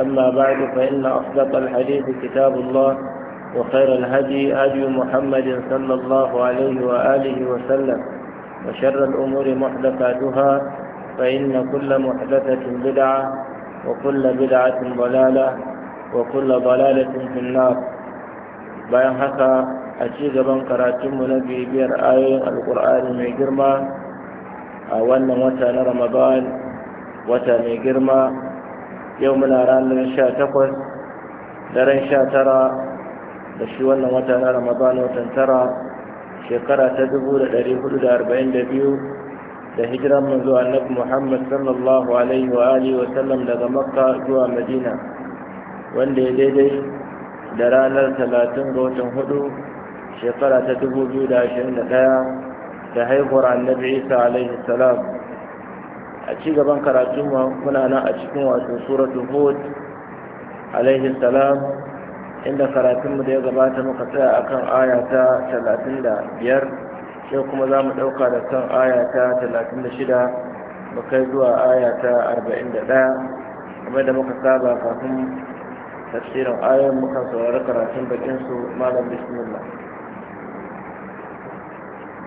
أما بعد فإن أصدق الحديث كتاب الله وخير الهدي هدي محمد صلى الله عليه وآله وسلم وشر الأمور محدثاتها فإن كل محدثة بدعة وكل بدعة ضلالة وكل ضلالة في النار بيان حقا أشيغ بن gaban نبي بير آية القرآن من mai أولا a رمضان wata na yau muna ranar sha takwas daren sha tara da shi wannan wata na ramadan watan tara shekara ta dubu da ɗari hudu da arba'in da biyu da hijiran manzo annabi muhammad sallallahu alaihi wa alihi wa sallam daga makka zuwa madina wanda ya daidai da ranar talatin ga watan hudu shekara ta dubu biyu da ashirin da ɗaya da haihuwar annabi isa alaihi salam a ci gaban karatun muna nan a cikin wato suratul hud alaihi salam inda karatunmu da ya gabata muka tsaya akan aya ta 35 sai kuma za mu ɗauka da kan aya ta 36 mu kai zuwa aya ta 41 kamar da muka saba kafin tafsirin ayoyin muka saurari karatun bakinsu malam bismillah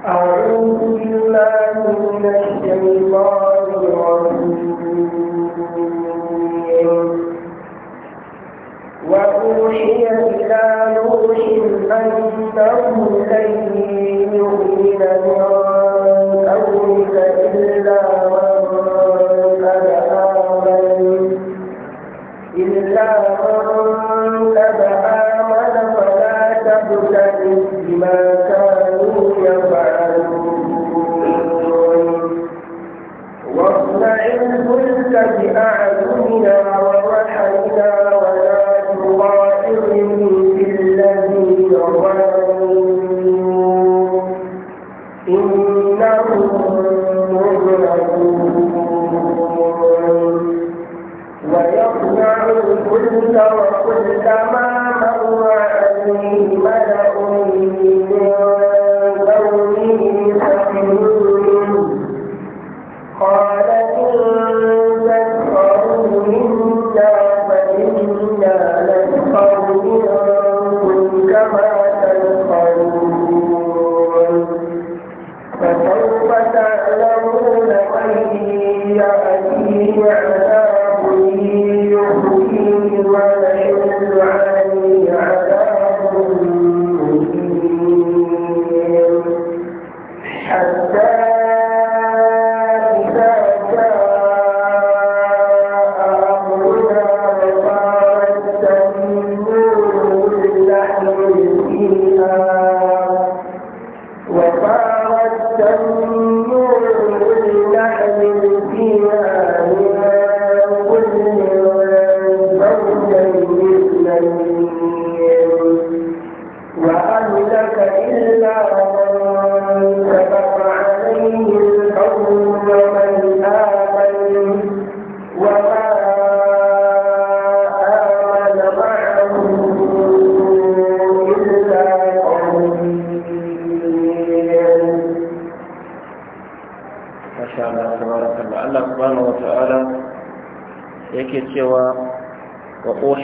أعوذ بالله من الشيطان الرجيم وأوحي إلى نوح أنه لن يؤمن من قومك إلا من قد آمن إلا من قد آمن فلا تبتئس بما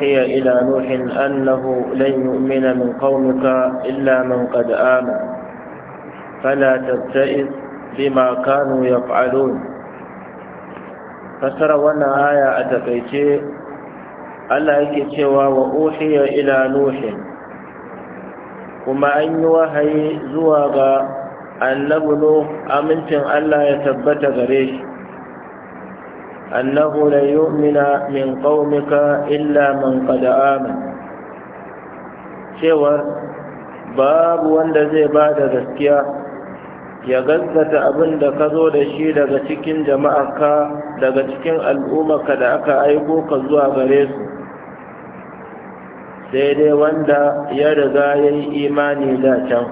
أوحي إلى نوح أنه لن يؤمن من قومك إلا من قد آمن فلا تبتئس بما كانوا يفعلون فسر وانا آية أتقيتي ألا يكتوى وأوحي إلى نوح كما أن وهي زواغا أن نبنوه أمنتن ألا يتبت غريش أنه لن يؤمن من قومك إلا من قد آمن cewar babu wanda zai ba da gaskiya ya gaskata abin da ka zo da shi daga cikin jama'a daga cikin al'ummarka da aka aiko ka zuwa gare su sai dai wanda ya riga ya yi imani da can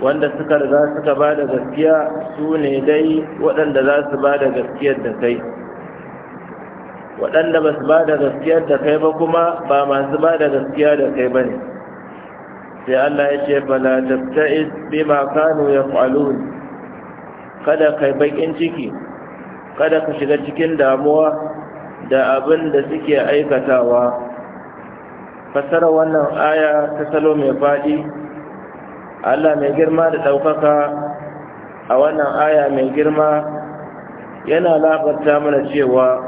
wanda suka riga suka ba da gaskiya su ne dai waɗanda za su ba da gaskiyar da kai waɗanda ba su ba da gaskiyar da kai ba kuma ba masu ba da gaskiya da kai ba ne sai Allah ya ce fala tabta'id bima kanu yaf'alun kada kai bakin ciki kada ka shiga cikin damuwa da abin da suke aikatawa fasara wannan aya ta salo mai faɗi Allah mai girma da ɗaukaka a wannan aya mai girma yana labarta mana cewa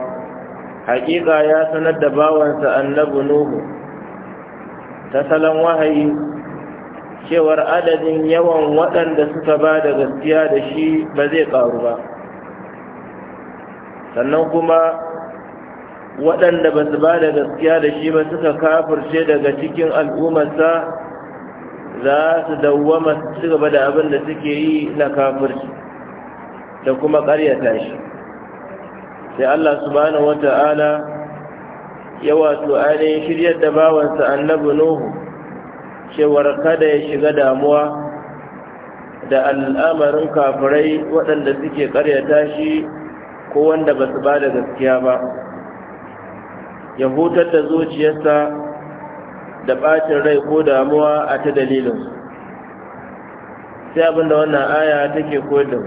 haƙiƙa ya sanar da bawansa annabu Nuhu ta salon wahayi cewar adadin yawan waɗanda suka ba da gaskiya da shi ba zai ƙaru ba sannan kuma waɗanda ba su ba da gaskiya da shi ba suka kafirce daga cikin al'ummarsa za su dawwama su ci gaba da abin da suke yi na kafirci da kuma ƙaryata shi sai Allah subhanahu wata'ala ya wato ainihin shiryar da bawansa annabi Nuhu cewar kada ya shiga damuwa da al'amarin kafirai waɗanda suke ƙaryata shi ko wanda ba su ba da gaskiya ba ya hutar da zuciyarsa da ɓacin rai ko damuwa a ta dalilin sai abinda wannan aya take koyar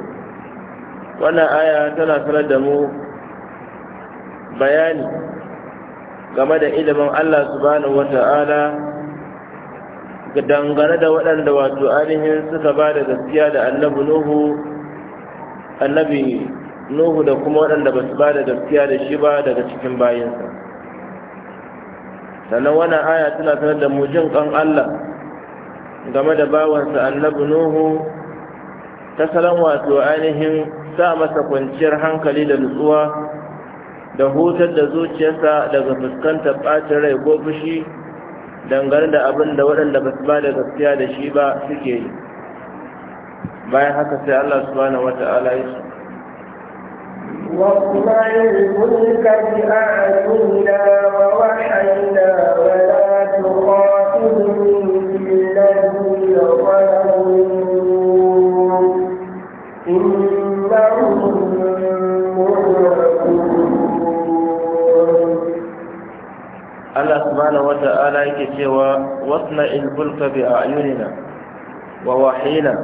wannan aya tana sanar da mu bayani game da ilimin Allah subhanahu wata'ala dangane da waɗanda wato ainihin suka ba da gaskiya da annabi Nuhu annabi Nuhu da kuma waɗanda ba su ba da gaskiya da shi ba daga cikin bayansa sannan wannan aya tana sanar da mu jin kan Allah game da bawansa Annabu Nuhu ta salon wato ainihin sa masa kwanciyar hankali da nutsuwa da hutar da zuciyarsa daga fuskantar ɓacin rai ko fushi dangane da abin da waɗanda ba su ba da gaskiya da shi ba suke yi bayan haka sai Allah subhanahu wata'ala ya واصنع الملك بأعيننا ووحينا ولا تخاطبني في الذين ظلموا إنهم Allah subhanahu wa ta'ala yake cewa wasna ilbulka bi a'yunina wa wahina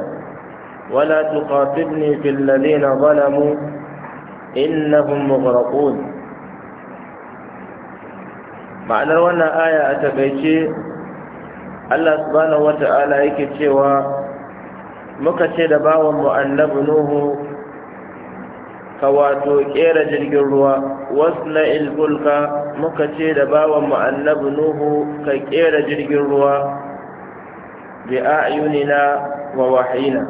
wala tuqatibni fil ladina zalamu innahum mughraqun ma'anar wannan aya a tabaice Allah subhanahu wata'ala yake cewa muka ce da bawan mu annabi nuhu ka wato kera jirgin ruwa wasna ilfulka muka ce da bawan mu annabi nuhu ka kera jirgin ruwa bi a'yunina wa wahina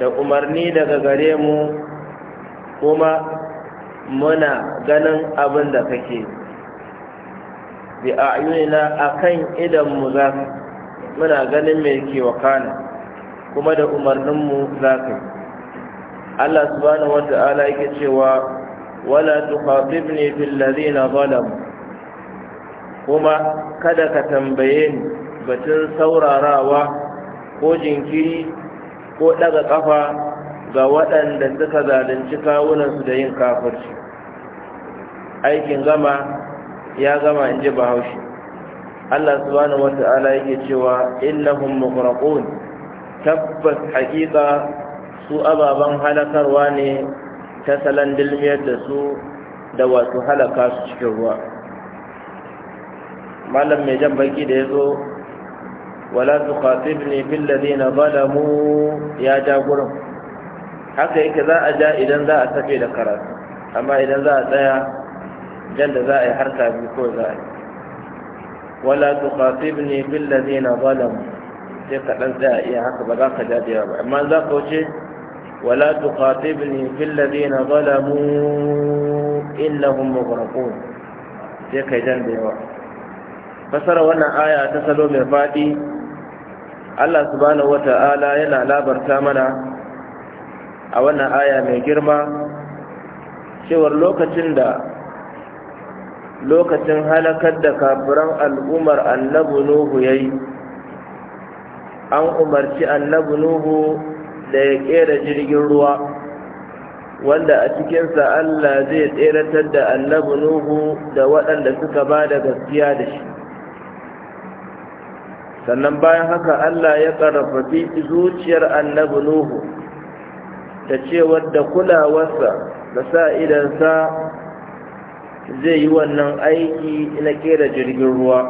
da umarni daga gare mu kuma muna ganin abin da kake bi a akan idan mu za muna ganin mai ke wakana kuma da umarninmu za ka yi Allah subhanahu wa ta'ala yake cewa wala tukhatibni fil ladina zalamu kuma kada ka tambaye ni batun saurarawa ko jinkiri ko daga kafa ga waɗanda suka zalunci kawunansu da yin kafirci aikin gama ya gama in ji bahaushe Allah subhanahu ta'ala yake cewa innahum mughraqun tabbas haƙiƙa su ababen halakarwa ne ta salon dilmiyar da su da wasu halaka su cikin ruwa malam mai jan baki da ya zo wala su khatibni fil ladina zalamu ya ja haka yake za a ja idan za a tafi da karatu amma idan za a tsaya jan da za a yi harka biyu ko za a yi wala tukhatibni bil ladina zalamu sai ka dan tsaya iya haka ba za ka ja da yawa ba amma za ka wuce wala tukhatibni bil ladina zalamu innahum mughraqun sai kai jan da yawa fasara wannan aya ta salo mai fadi Allah subhanahu wata'ala yana labarta mana a wannan aya mai girma cewar lokacin da lokacin halakar da kafiran al'umar annabu nuhu ya yi an umarci annabu nuhu da ya kera jirgin ruwa wanda a cikinsa Allah zai tseratar da annabu nuhu da waɗanda suka ba da gaskiya da shi sannan bayan haka Allah ya ƙarfafi zuciyar annabu nuhu Ta ce wadda kulawarsa da sa idansa zai yi wannan aiki na kera jirgin ruwa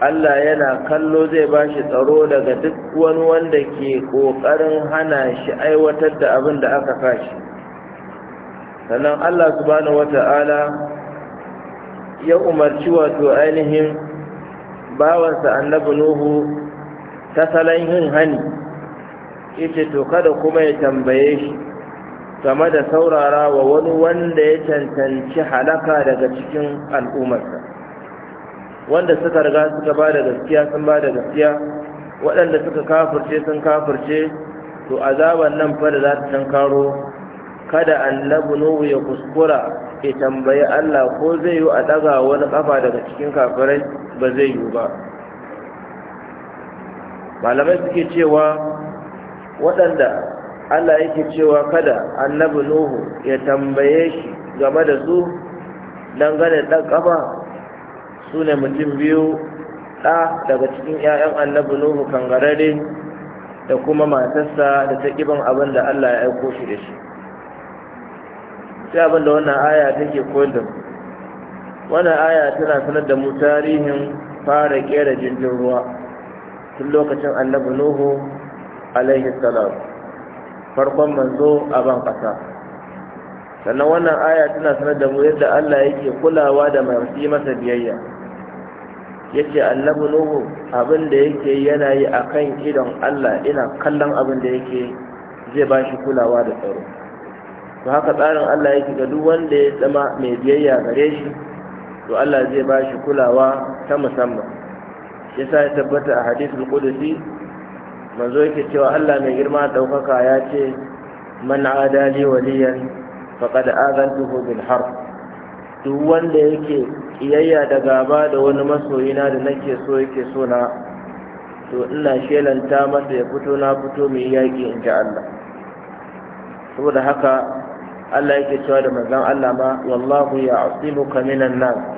Allah yana kallo zai ba shi tsaro daga duk wani wanda ke ƙoƙarin hana shi aiwatar da abin da aka kashi sannan Allah subhanahu wata'ala ya umarci wato ainihin bawansa annabi Nuhu ta salon yin hani yace to kada kuma ya tambaye shi game da saurara wa wani wanda ya cancanci halaka daga cikin al'ummarsa wanda suka riga suka ba da gaskiya sun ba da gaskiya waɗanda suka kafirce sun kafirce to azaban nan fa da za ta karo kada annabi nuhu ya kuskura ya tambayi Allah ko zai yi a daga wani kafa daga cikin kafirai ba zai yi ba malamai suke cewa waɗanda Allah yake cewa kada annabi Nuhu ya tambaye shi game da su dangane ɗan ƙafa su ne mutum biyu ɗa daga cikin ‘ya'yan annabi Nuhu kangarare da kuma matarsa da ta ƙiban abin da Allah ya aiko shi da shi. Sai abin da wannan aya take koyar wannan aya tana sanar da mu tarihin fara ƙera jirgin ruwa tun lokacin annabi Nuhu alaihi salam farkon manzo a ban ƙasa sannan wannan aya tana sanar da mu yadda Allah yake kulawa da masu masa biyayya yace annabi nuhu abin da yake yana yi akan idon Allah ina kallon abin da yake zai ba shi kulawa da tsaro to haka tsarin Allah yake ga duk wanda ya zama mai biyayya gare shi to Allah zai ba shi kulawa ta musamman yasa ya tabbata a hadisul qudsi manzo yake cewa Allah mai girma daukaka ya ce man adali waliyan faqad azantuhu bil harb duk wanda yake kiyayya da gaba da wani masoyina da nake so yake so na to ina shelanta masa ya fito na fito mai yaƙi in ji Allah saboda haka Allah yake cewa da manzon Allah ma wallahu ya'simuka minan nas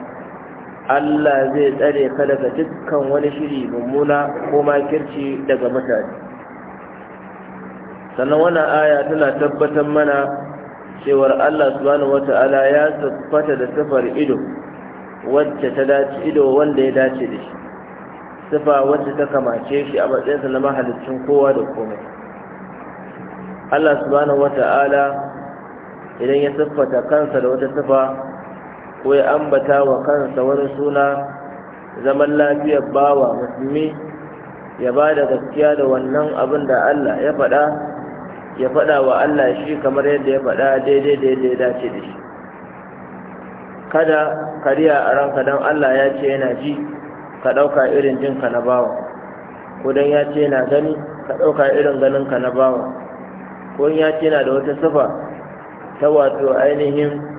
Allah zai tsare ka daga dukkan wani shiri mummuna ko makirci daga mutane sannan wannan aya tana tabbatar mana cewar Allah subhanahu wata'ala ya siffata da sifar ido wacce ta dace ido wanda ya dace da shi sifa wacce ta kamace shi a matsayinsa na mahalicin kowa da komai Allah subhanahu wata'ala idan ya siffata kansa da wata sifa ko ya ambata wa kansa wani suna zaman lafiyar bawa musulmi ya ba da gaskiya da wannan abin da Allah ya faɗa ya faɗa wa Allah shi kamar yadda ya faɗa daidai da ya dace da shi kada kariya a ranka don Allah ya ce yana ji ka ɗauka irin jinka na bawa ko don ya ce yana gani ka ɗauka irin ganinka na bawa ko ya ce yana da wata sufa ta wato ainihin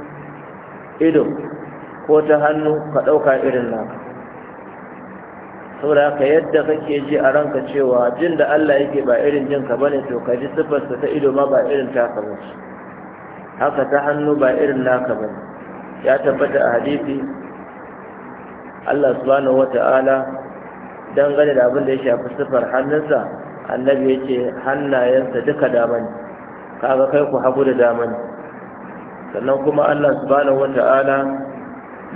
ido ko ta hannu ka ɗauka irin naka saboda haka yadda kake ji a ranka cewa jin da Allah yake ba irin jinka ba ne to ka ji siffarsa ta ido ma ba irin taka ba haka ta hannu ba irin naka ba ya tabbata a hadisi Allah subhanahu wata'ala dangane da abin da ya shafi siffar hannunsa annabi ya ce hannayensa duka damani kaga kai ku hagu da damani sannan kuma Allah subhanahu wata'ala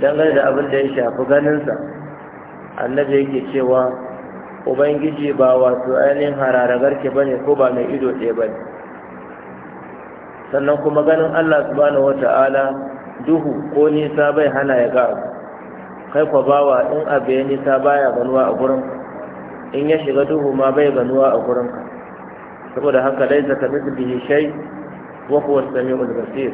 dangane da abin da ya shafi ganinsa annabi yake cewa ubangiji ba wato ainihin hararagarki ba ne ko ba mai ido ɗaya bane. sannan kuma ganin Allah subhanahu wata'ala duhu ko nisa bai hana ya ga kai kwa bawa in abu ya nisa baya ganuwa a gurin in ya shiga duhu ma bai ganuwa a gurin saboda haka laisa ka mithlihi shay wa huwa as-sami'ul basir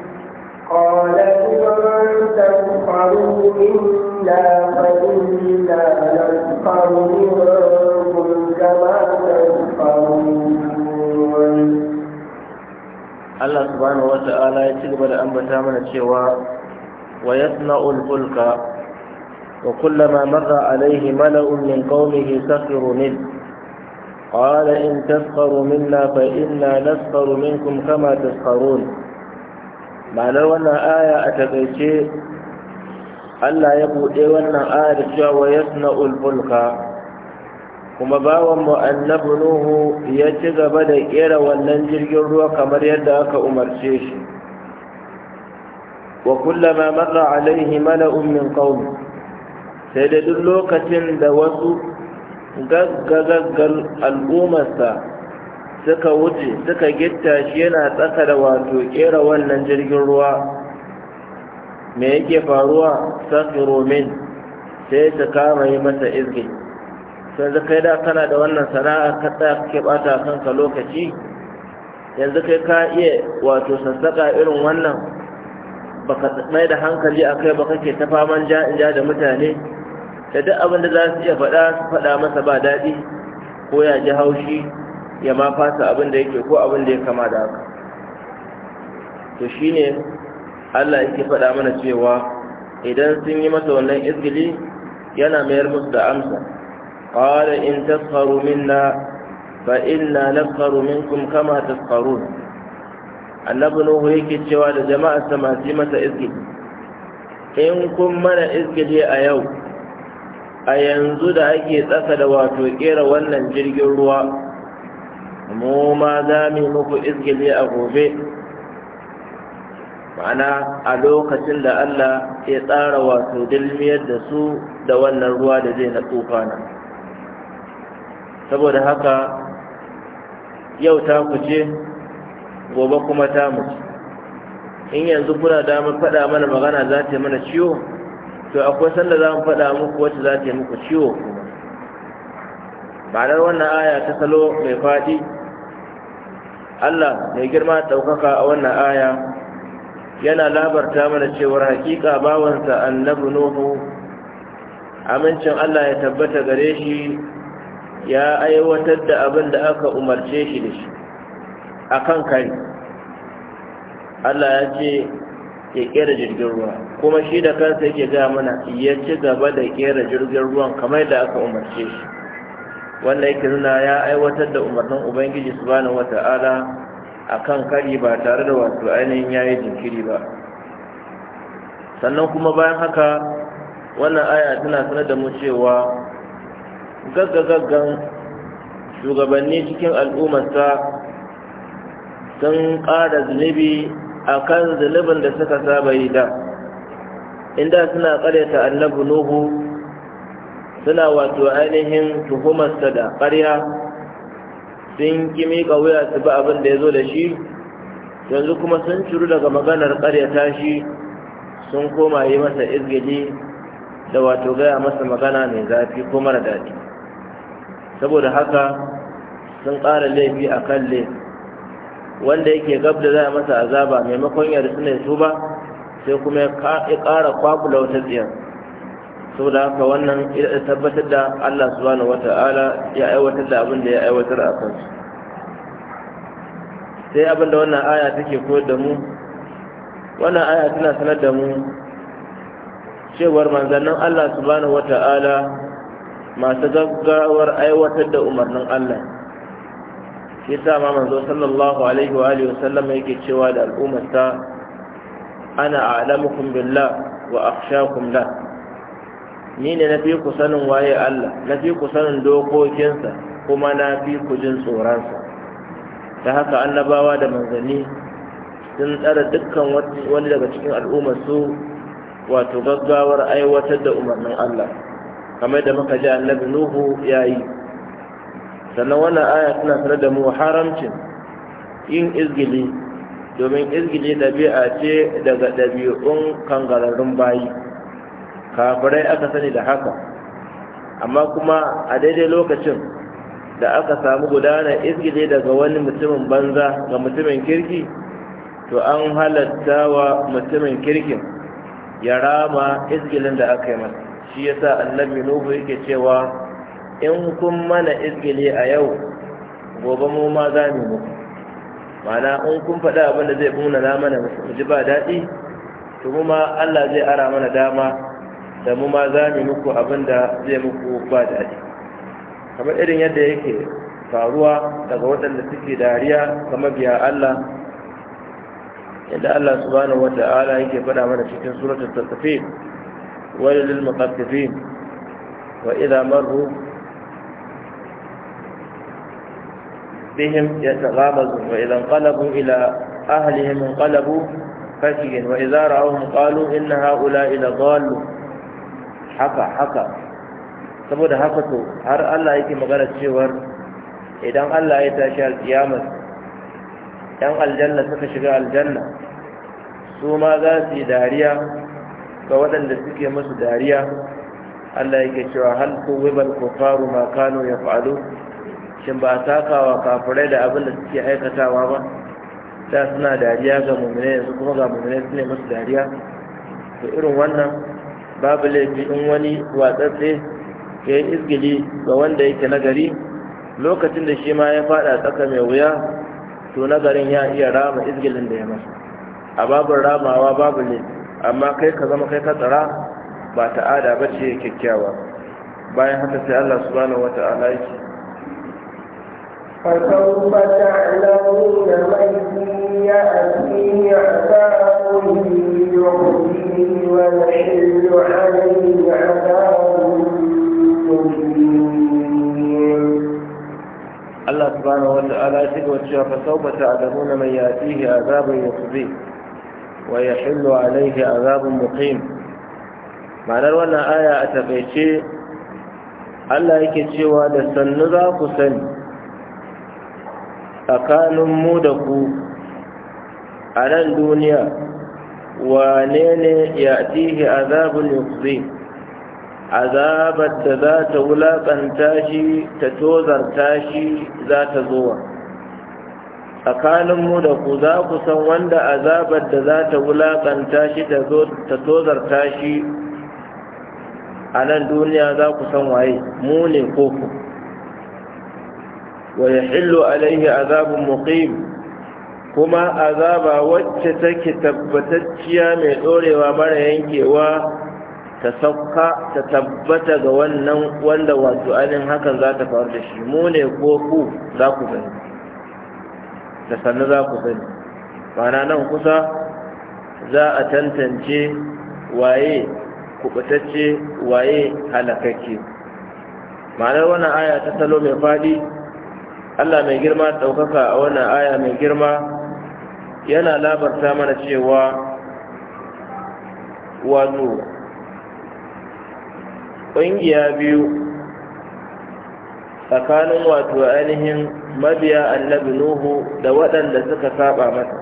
قال إن تنفروا إنا فإنا ننفر منكم كما تنفرون Allah subhanahu wa ta'ala ya ci gaba da ambata mana cewa wa وكلما مر عليه ملأ من قومه سخروا منه قال إن تسخروا منا فإنا نسخر منكم كما تسخرون Malar wannan aya a takaice Allah ya buɗe wannan aya da cewa wa yasna'ul fulka kuma bawanmu mu annabi Nuhu ya ci gaba da ƙera wannan jirgin ruwa kamar yadda aka umarce shi wa kullama marra alaihi mala'un min sai da duk lokacin da wasu gaggagaggar al'ummarsa suka wuce suka gitta shi yana tsaka da wato kera wannan jirgin ruwa me yake faruwa sakiro min sai su kama yi masa izgi Yanzu kai da kana da wannan sana'a ka tsaya kake bata kanka lokaci yanzu kai ka iya wato sassaka irin wannan baka mai da hankali a kai ba kake ta faman ja in ja da mutane da duk abin da za su iya faɗa su faɗa masa ba daɗi ko ya ji haushi ya ma fasa abin da yake ko abin da ya kama da haka to shine Allah yake faɗa mana cewa idan sun yi masa wannan izgili yana mayar musu da amsa qala in tasharu minna fa inna nasharu minkum kama tasharun annabi nuhu yake cewa da jama'a sama su masa izgili in kun mana izgili a yau a yanzu da ake tsaka da wato kera wannan jirgin ruwa mu ma za mu muku izgili a gobe ma'ana a lokacin da Allah ya tsara wato dilmiyar da su da wannan ruwa da zai na na. saboda haka yau ta kuce gobe kuma ta mutu in yanzu kuna damar faɗa mana magana za ta yi mana ciwo to akwai sanda za mu faɗa muku wacce za ta yi muku ciwo kuma ma'anar wannan aya ta salo mai faɗi Allah mai girma ɗaukaka a wannan aya yana labarta mana cewar hakika bawansa annabi nuhu amincin Allah ya tabbata gare shi ya aiwatar da abin da aka umarce shi da shi a kan kai Allah ya ce ya kera jirgin ruwa kuma shi da kansa yake gaya mana ya ci gaba da kera jirgin ruwan kamar da aka umarce shi wanda yake nuna ya aiwatar da umarnin ubangiji subhanahu wata'ala akan kari ba tare da wasu ainihin ya yi jinkiri ba sannan kuma bayan haka wannan aya tana sanar da mu cewa gaggagaggan shugabanni cikin al'ummarsa sun ƙara zunubi a kan zunubin da suka saba yi da inda suna ta annabu nuhu suna wato ainihin tuhumarsa da ƙarya sun ki miƙa wuya su ba abin da ya zo da shi yanzu kuma sun ciru daga maganar ta shi sun koma yi masa izgili da wato gaya masa magana mai zafi ko mara daɗi saboda haka sun ƙara laifi a kan laifi wanda yake gab da za a masa azaba maimakon suna yi su ba sai kuma ya ƙara kwakula wata tsiyar saboda haka wannan ya tabbatar da Allah subhanahu ta'ala) ya aiwatar da abin da ya aiwatar a kansu sai abin da wannan aya take koyar da mu wannan aya tana sanar da mu cewar manzannin Allah subhanahu ta'ala) masu gaggawar aiwatar da umarnin Allah shi sa ma manzo sallallahu alaihi wa alihi wasallam yake cewa da al'ummarsa ana a'lamukum billah wa akhshakum lah ni ne na fi ku sanin waye Allah na fi ku sanin dokokinsa kuma na fi ku jin tsoronsa ta haka annabawa da manzanni sun tsara dukkan wani daga cikin al'ummar su wato gaggawar aiwatar da umarnin Allah kamar da muka ji annabi Nuhu ya yi sannan wannan aya tana sanar da mu haramcin yin izgili domin izgili dabi'a ce daga ɗabi'un kangararrun bayi kafirai aka sani da haka amma kuma a daidai lokacin da aka samu gudanar izgide daga wani mutumin banza ga mutumin kirki to an halatta wa mutumin kirkin ya rama izgilin da aka yi masa shi yasa annabi nuhu yake cewa in kun mana izgile a yau gobe mu ma za mu muku mana in kun faɗa abin da zai muna na mana mu ji ba daɗi to mu ma Allah zai ara mana dama da mu ma za mu muku abin da zai muku ba da aji kamar irin yadda yake faruwa daga waɗanda suke dariya ga mabiya Allah yadda Allah subhanahu wata'ala yake faɗa mana cikin suratul tasfif wal lil muqaffifin wa idza marru بهم يتغامزون وإذا انقلبوا إلى أهلهم انقلبوا فشيا وإذا رأوهم قالوا إن هؤلاء لضالون haka haka saboda haka to har Allah yake magana cewar idan Allah ya tashi alƙiyamar ɗan aljanna suka shiga aljanna su ma za su yi dariya ga waɗanda suke musu dariya Allah yake cewa hal ko Faru ma ya yaf'alu shin ba takawa kafirai da abin da suke aikatawa ba da suna dariya ga mummune yanzu kuma ga mummune su ne musu dariya to irin wannan babu laifi in wani watsatse ya yi izgili ga wanda yake nagari lokacin da shi ma ya fada tsaka mai wuya to nagarin ya iya rama izgilin da ya masu. a babin ramawa babu ne amma kai ka zama kai ka tsara ba ta'ada ba ce kyakkyawa bayan haka sai Allah subhanahu ta'ala yake فسوف تعلمون من هي أبي عذاب يخزيه ويحل عليه عذاب Allah subhanahu wa ta'ala ya cewa fa sauka ta'lamuna man yatihi azabun yukhzi wa yahillu alayhi azabun muqim ma'anar wannan aya a takaice Allah yake cewa da sannu za ku sani tsakanin mu da ku a nan duniya wane ne ya tihi azabin yuzi azabar da za ta wulaƙanta shi ta tozarta shi za ta zuwa tsakanin mu da ku za ku san wanda azabar da za ta wulaƙanta shi ta tozarta shi a nan duniya za ku san waye mu ne ko ku ويحل عليه عذاب مقيم كما عذاب وجتك تبتت من دوري ومر ينكوا تسقى تتبت غوانا وانا وسؤال هكا ذات فارد شمون يقوكو ذاكو فن تسنى ذاكو فن معنى ننقص ذا a tantance waye kubutacce waye halakakke ma'anar wannan aya ta salo mai faɗi Allah mai girma ɗaukaka a wannan aya mai girma yana labarta mana cewa wato ƙungiya biyu tsakanin wato ainihin mabiya annabi nuhu da waɗanda suka saba masa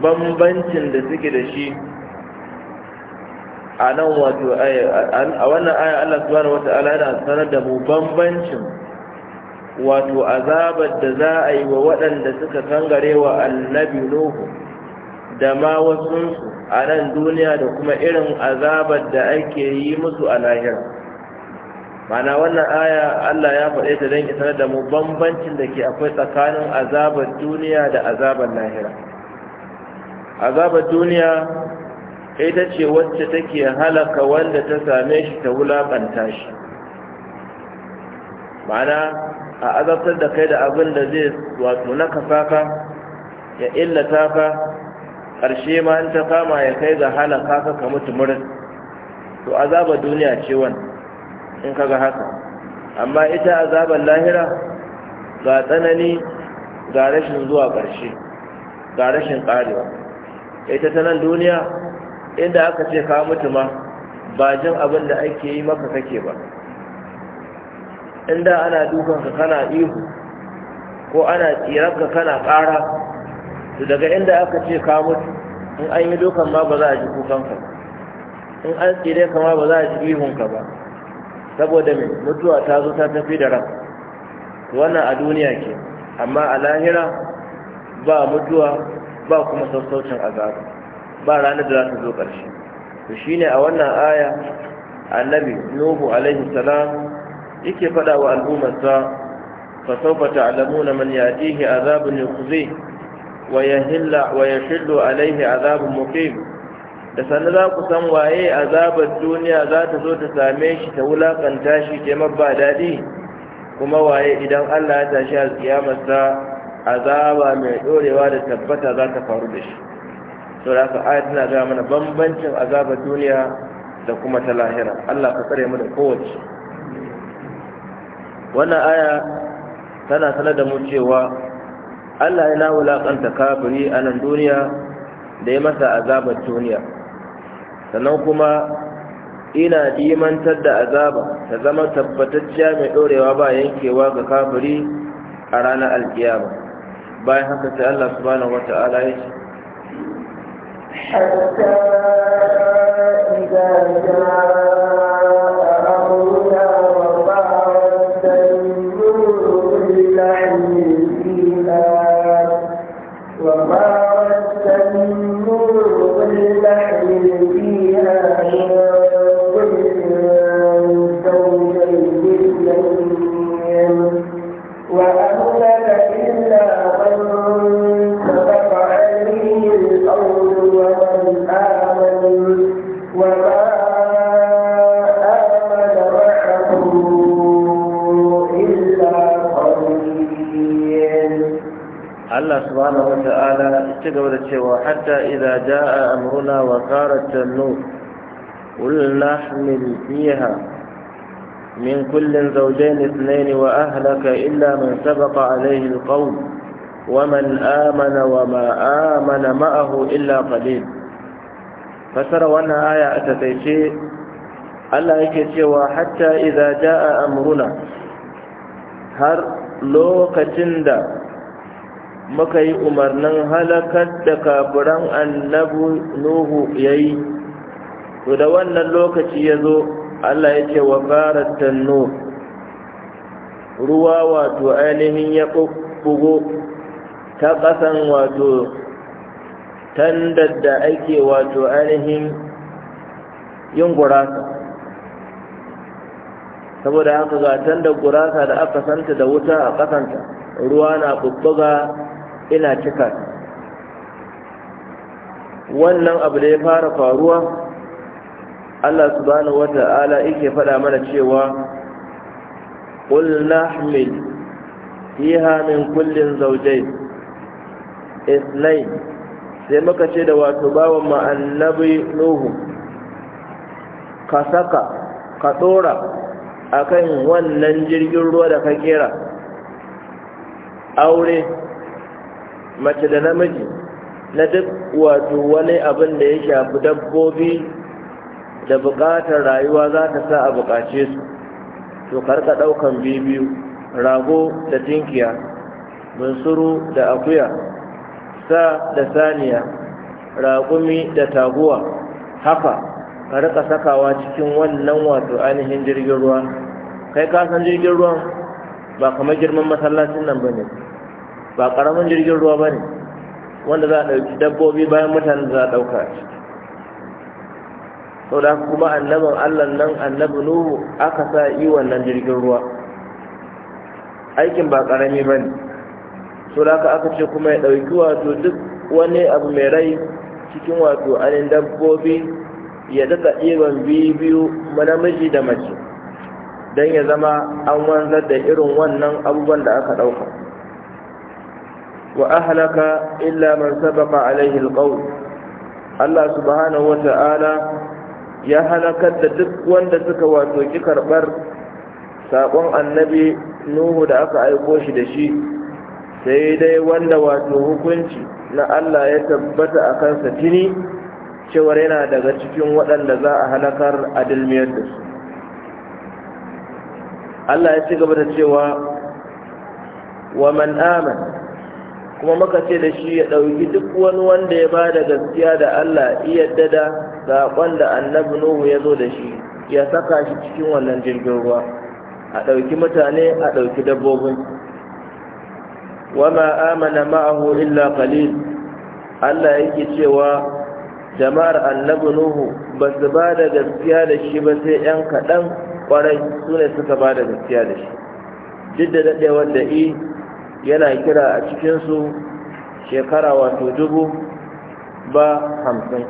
bambancin da suke da shi a nan wato a wannan aya Allah subhanahu wata'ala yana sanar da mu bambancin wato azabar da za a yi wa waɗanda suka kangare wa annabi nuhu da ma wasu a nan duniya da kuma irin azabar da ake yi musu a lahira mana wannan aya Allah ya faɗe ta don isar da mu bambancin da ke akwai tsakanin azabar duniya da azabar lahira azabar duniya ita ce wacce take halaka wanda ta same shi ta wulaƙanta shi ma'ana a azabtar da kai da abin da zai wato na kafaka ya illata ka ƙarshe ma in ta kama ya kai ga halaka ka ka mutu murin to azaba duniya ce wani in ka ga haka amma ita azaban lahira ga tsanani ga rashin zuwa ƙarshe ga rashin ƙarewa ita ta nan duniya inda aka ce ka mutu ma ba jin abin da ake yi maka kake ba inda ana dukanka kana ihu ko ana tsiranka kana ƙara to daga inda aka ce ka mutu in an yi dukan ma ba za a ji kukanka ka, in an tsire ka ma ba za a ji ihunka ba saboda mai mutuwa ta zo ta tafi da ran wannan a duniya ke amma a lahira ba mutuwa ba kuma sassaucin azabu ba ranar da za ta zo ƙarshe to shine a wannan aya annabi nuhu alaihi salam yake faɗa wa al'ummarsa fa sawfa ta'lamuna man yatihi azabun yukhzih wa yahilla wa yashillu alayhi azabun muqim da sanin za ku san waye azabar duniya za ta zo ta same shi ta wulakanta shi ta ba daɗi kuma waye idan Allah ya tashi a kiyamarsa azaba mai ɗorewa da tabbata za ta faru da shi to da aka ayat tana ga mana bambancin azabar duniya da kuma ta lahira Allah ka tsare mu da kowace wannan aya tana sanar da mu cewa Allah yana wulaƙanta kafiri a nan duniya da ya masa azabar duniya sannan kuma ina dimantar da azaba ta zama tabbatacciya mai ɗorewa ba yankewa ga kafiri a ranar alkiyama bayan haka sai Allah subhanahu wata'ala ya ce حتى إذا جاء حتى إذا جاء أمرنا وقال التنور قل نحمل فيها من كل زوجين اثنين وأهلك إلا من سبق عليه القول ومن آمن وما آمن معه إلا قليل فسر وانا آية أتتيشي ألا يكتشي حتى إذا جاء أمرنا هر لوكتن دا muka yi umarnin halakar da kafiran annabu nuhu ya yi to da wannan lokaci ya zo allah ya ce wa ƙarar tannu ruwa wato ainihin ya ɓuɓɓugo ta ƙasan wato tandar da ake wato ainihin yin gurasa saboda haka ga tandar gurasa da aka santa da wuta a ƙasanta ruwa na ɓuɓɓuga ina cika wannan abu da ya fara faruwa Allah subhanahu ta'ala yake faɗa mana cewa qul nahmil fiha min kullin zawjayn ithnayn sai muka ce da wato bawa ma annabi nuhu ka saka ka dora akan wannan jirgin ruwa da ka kera aure mace da namiji na duk wato wani abin da ya shafi dabbobi da buƙatar rayuwa za ta sa a buƙace su to karka ɗaukan bibiyu rago da tinkiya bunsuru da akuya sa da saniya ragumi da taguwa haka ka rika sakawa cikin wannan wato ainihin jirgin ruwa kai ka san jirgin ruwan ba kamar girman masallacin nan ba ne ba ƙaramin jirgin ruwa ba ne wanda za a ɗauki dabbobi bayan mutane za a ɗauka sau da kuma annabin allah nan annabi nuhu aka sa yi wannan jirgin ruwa aikin ba ƙarami ba ne sau da aka ce kuma ya ɗauki wato duk wani abu mai rai cikin wato anin dabbobi ya daga ɗiban biyu namiji da mace don ya zama an wanzar da irin wannan abubuwan da aka ɗauka وأهلك إلا من سبق عليه القول الله سبحانه وتعالى ya halakar da duk wanda suka wato ki karɓar saƙon annabi nuhu da aka aiko shi da shi sai dai wanda wato hukunci na allah ya tabbata a kansa tuni cewar yana daga cikin waɗanda za a halakar a dilmiyar da su allah ya ci gaba da cewa wa man aman kuma muka ce da shi ya ɗauki duk wani wanda ya ba da gaskiya da Allah iya da saƙon da annabi Nuhu ya zo da shi ya saka shi cikin wannan jirgin ruwa a ɗauki mutane a ɗauki dabbobin wama amana ma'ahu illa qalil Allah yake cewa jama'ar annabi Nuhu ba su ba da gaskiya da shi ba sai ‘yan kaɗan ƙwarai su ne suka ba da gaskiya da shi duk da daɗewar da i yana kira a cikinsu shekara wato dubu ba hamsin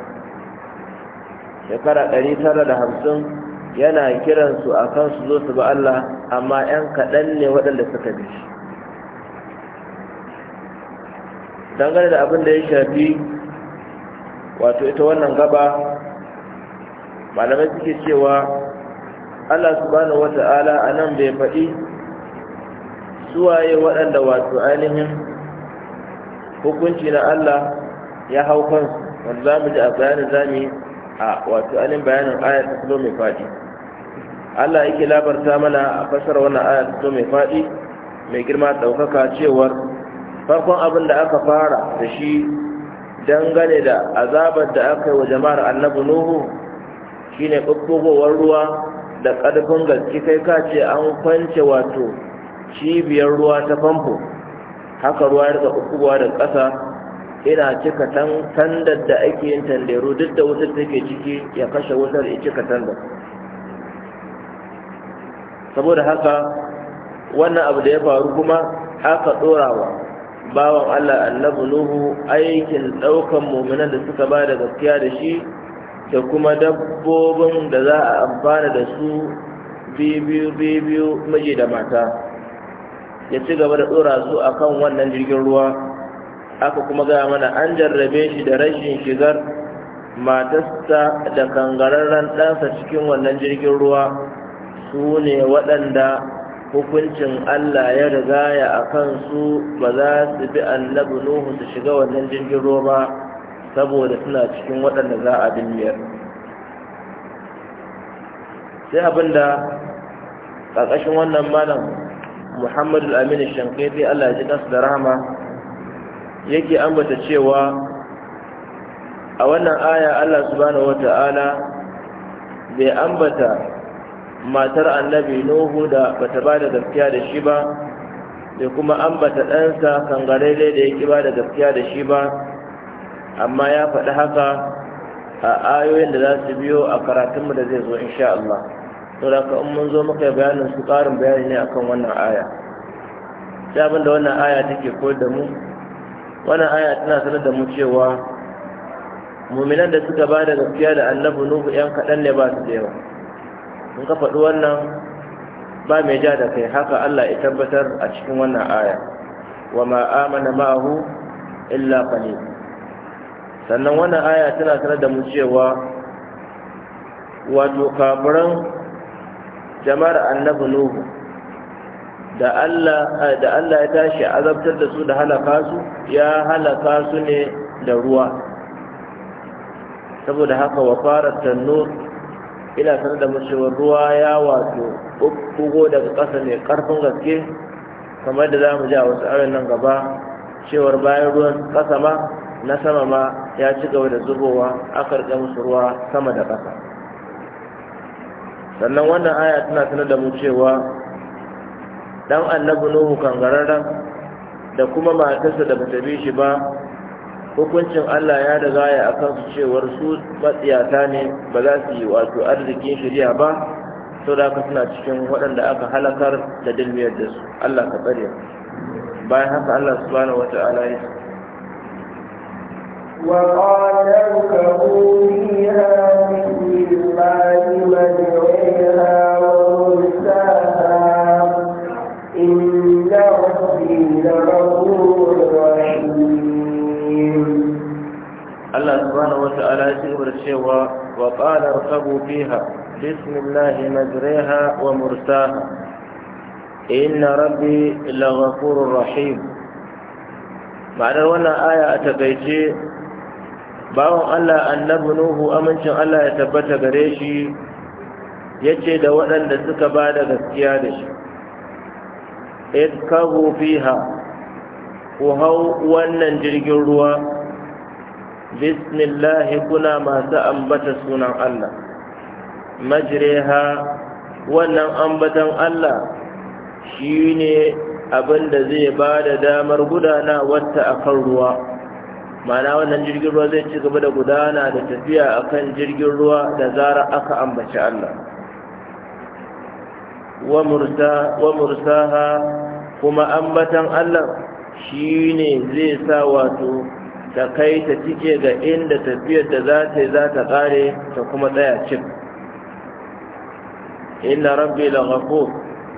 shekara ɗari tara da hamsin yana kiransu a kan su zo su ba Allah amma 'yan kaɗan ne waɗanda suka bi shi dangane da abin da ya shafi wato ita wannan gaba malamai suke cewa Allah subhanahu wata'ala a nan bai faɗi suwaye waɗanda wato ainihin hukunci na Allah ya hau kansu wanda za mu ji a mu yi a wato ainihin bayanin ayar ta mai faɗi Allah yake labarta mana a fasar wannan ayar ta mai faɗi mai girma ɗaukaka cewar farkon abin da aka fara da shi dangane da azabar da aka yi wa jama'ar annabi nuhu shine ɓuɓɓugowar ruwa da ƙarfin gaske kai kace an kwance wato cibiyar ruwa ta famfo haka ruwa ya rika ukuwa da ƙasa ina cika tandar da ake yin tandero duk da wutar take ciki ya kashe wutar ya cika tandar saboda haka wannan abu da ya faru kuma aka ɗorawa bawan Allah annabi Nuhu aikin ɗaukan muminan da suka ba da gaskiya da shi da kuma dabbobin da za a amfana da su biyu biyu miji da mata ya ci gaba da tsora su a kan wannan jirgin ruwa aka kuma gaya mana an jarrabe shi da rashin shigar matasta da kangararren ɗansa cikin wannan jirgin ruwa su ne waɗanda hukuncin Allah ya rigaya a kansu ba za su bi annabi Nuhu su shiga wannan jirgin ruwa ba saboda suna cikin waɗanda za a dimmiyar sai abinda ƙarƙashin wannan malam muhammadu aminu shankaiti allah ji kasu da rahama yake ambata cewa a wannan aya allah subhanahu wata'ala bai ambata matar annabi nuhu da bata ba da gaskiya da shi ba bai kuma ambata ɗansa kangarele da ya ki ba da gaskiya da shi ba amma ya faɗi haka a ayoyin da za su biyo a karatunmu da zai zo insha Allah. da in mun zo muka bayanin su ƙarin bayani ne akan wannan aya sai abin da wannan aya take koyar da mu wannan aya tana sanar da mu cewa muminan da suka ba da gaskiya da annabi nuhu yan kaɗan ne ba su da yawa in ka faɗi wannan ba mai ja da kai haka Allah ya tabbatar a cikin wannan aya wa ma amana ma'ahu illa qalil sannan wannan aya tana sanar da mu cewa wato kafiran jama'ar annabi nuhu da Allah da Allah ya tashi azabtar da su da halaka su ya halaka su ne da ruwa saboda haka wa fara tanur ina sanar da mushewar ruwa ya wato bugo daga ƙasa ne karfin gaske kamar da zamu ji a wasu ayoyin nan gaba cewar bayan ruwan ƙasa ma na sama ma ya ci gaba da zubowa aka rike musu ruwa sama da ƙasa sannan wannan aya tana sanar da mu cewa dan annabi nuhu kangararren da kuma matarsa da bata bi shi ba hukuncin Allah ya daga ya akan su cewar su matsiyata ne ba za su yi wato arzikin shari'a ba sau da suna cikin waɗanda aka halakar da dalmiyar da su Allah ka tsare bayan haka Allah subhanahu wata'ala ya وقال wata'ala cewar cewa wa ƙalar kabu biha bismillah majriha wa murtaha inna rabbi la rahim ma'ana wannan aya a takaice Bawan Allah annabi Nuhu amincin Allah ya tabbata gare shi yace da waɗanda suka ba da gaskiya da shi E kabu biha ku hau wannan jirgin ruwa bismillahi kuna masu ambata sunan Allah majreha wannan ambatan Allah shi ne abin da zai ba da damar gudana wata akan ruwa mana wannan jirgin ruwa zai ci gaba da gudana da tafiya akan jirgin ruwa da zara aka ambaci Allah wa mursaha kuma ambatan Allah shi ne zai sa wato ta kai ta cike ga inda tafiyar da za ta yi za ta ƙare ta kuma tsaya cik Ina rabbi la ghafur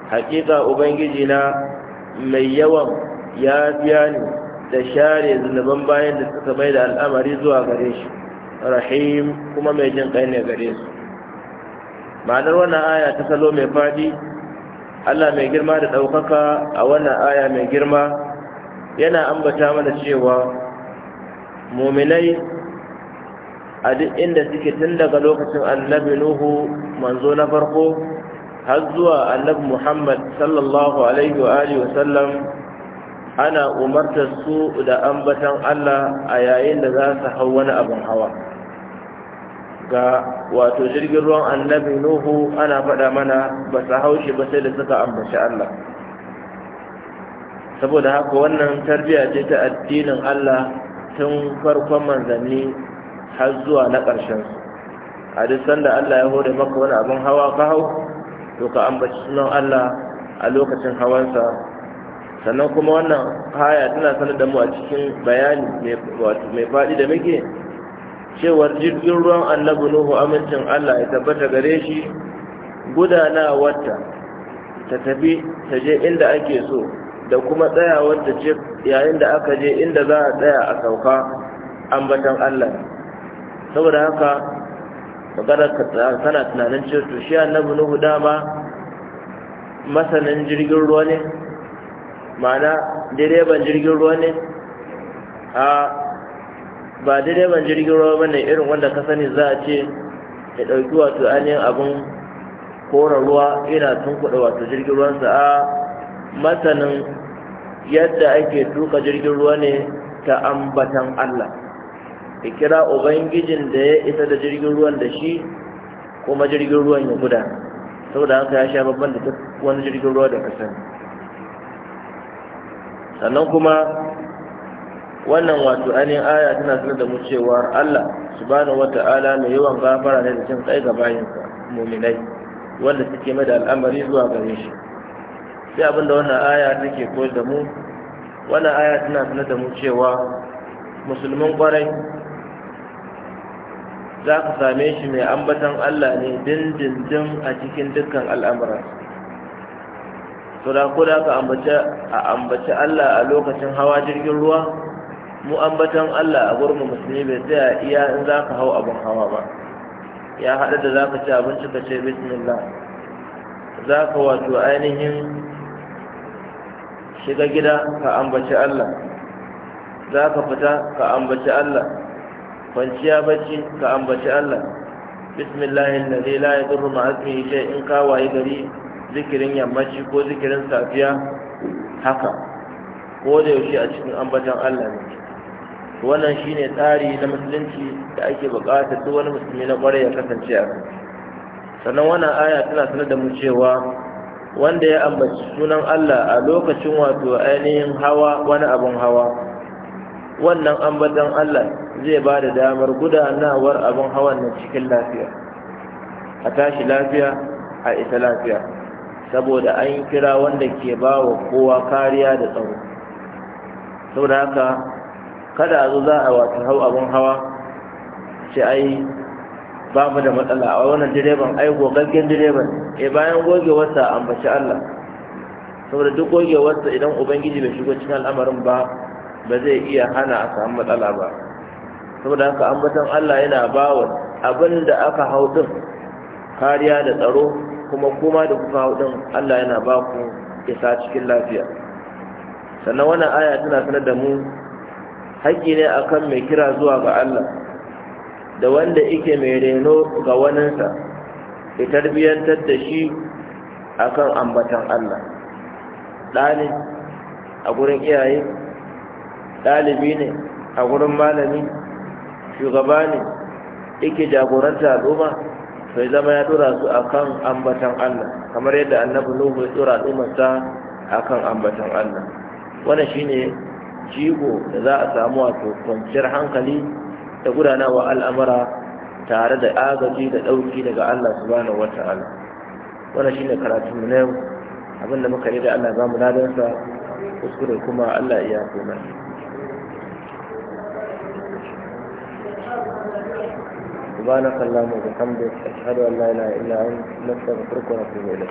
haƙiƙa ubangiji na mai yawan ya fiya ne da share zunuban bayan da suka mai da al'amari zuwa gare shi rahim kuma mai jin kai ne gare su ma'anar wannan aya ta salo mai faɗi, Allah mai girma da ɗaukaka a wannan aya mai girma yana ambata mana cewa muminai a duk inda suke tun daga lokacin annabi nuhu manzo na farko har zuwa annabi muhammad sallallahu alaihi wa alihi wasallam ana umartar su da ambatan allah a yayin da za su hau wani abin hawa ga wato jirgin ruwan annabi nuhu ana faɗa mana ba su hau shi ba sai da suka ambaci allah saboda haka wannan tarbiyya ce ta addinin allah tun farkon manzanni har zuwa na ƙarshen su a duk sanda Allah ya hore maka wani abin hawa ka hau to ka ambaci sunan Allah a lokacin hawansa sannan kuma wannan haya tana sanar da mu a cikin bayani mai faɗi da muke cewar jirgin ruwan annabi Nuhu amincin Allah ya tabbata gare shi Gudana wata ta tafi ta je inda ake so da kuma tsayawar da ce yayin da aka je inda za a tsaya a sauka ambatan Allah saboda haka maganar kana tunanin ce to shi annabi nuhu dama masanin jirgin ruwa ne ma'ana direban jirgin ruwa ne a ba direban jirgin ruwa bane irin wanda ka sani za a ce ya ɗauki wato ainihin abin kora ruwa ina tunkuɗa wato jirgin ruwansa a masanin yadda ake tuka jirgin ruwa ne ta ambatan Allah ikira ubangijin da ya isa da jirgin ruwan da shi kuma jirgin ruwan ya guda saboda haka ya sha babban da wani jirgin ruwa da kasan sannan kuma wannan wato ainihin aya tana sanar da mu cewa Allah subhanahu wata'ala mai yawan gafara ne da cin tsaye ga bayinsa muminai wanda suke mai da al'amari zuwa gare shi sai abinda wannan aya take koyar da mu wannan aya tana sanar da mu cewa musulmin kwarai za ka same shi mai ambatan Allah ne dindindin a cikin dukkan al'amura to da ko da ka ambace Allah a lokacin hawa jirgin ruwa mu ambatan Allah a gurbin musulmi bai tsaya iya in za ka hau abin hawa ba ya haɗa da za ka ci abinci ka ce bismillah za ka wato ainihin shiga gida ka ambaci Allah za ka fita ka ambaci Allah kwanciya bacci ka ambaci Allah bismillahi allazi la yadurru ma ce In ka wayi gari zikirin yammaci ko zikirin safiya haka ko da yaushe a cikin ambatan Allah ne wannan shi ne tsari na musulunci da ake buƙatar duk wani musulmi na ƙwarai ya kasance a sannan wannan aya tana sanar da mu cewa wanda ya ambaci sunan Allah a lokacin wato ainihin hawa wani abun hawa wannan ambatan Allah zai ba da damar gudanawar abin hawan na cikin lafiya a tashi lafiya a ita lafiya saboda an kira wanda ke ba wa kowa kariya da tsaro saboda haka kada a zo za a wato hau abin hawa ce ai babu da matsala a wannan direban ai gogaggen direban e bayan gogewarsa ambaci Allah saboda duk gogewarsa idan ubangiji bai shigo cikin al'amarin ba ba zai iya hana a samu matsala ba saboda haka ambatan Allah yana bawa abin da aka hau din kariya da tsaro kuma kuma da kuka hau din Allah yana ba ku isa cikin lafiya sannan wannan aya tana sanar da mu haƙƙi ne akan mai kira zuwa ga Allah da wanda ike mai reno ga waninsa ya tarbiyyantar da shi kan ambatan Allah ɗalib a gurin iyaye ɗalibi ne a gurin malami shugaba ne ike jagoranta al'umma sai zama ya tura su a kan ambatan Allah kamar yadda annabi Nuhu ya tura al'ummarsa kan ambatan Allah shi shine jigo da za a samu wato kwanciyar hankali da gudanarwa al'amara tare da agaji da ɗauki daga Allah subhanahu wata'ala wannan shine karatu ne na yau abinda muka yi da Allah za mu ladansa kuskure kuma Allah iya komai سبحانك اللهم وبحمدك أشهد أن لا إله إلا أنت نستغفرك ونتوب إليك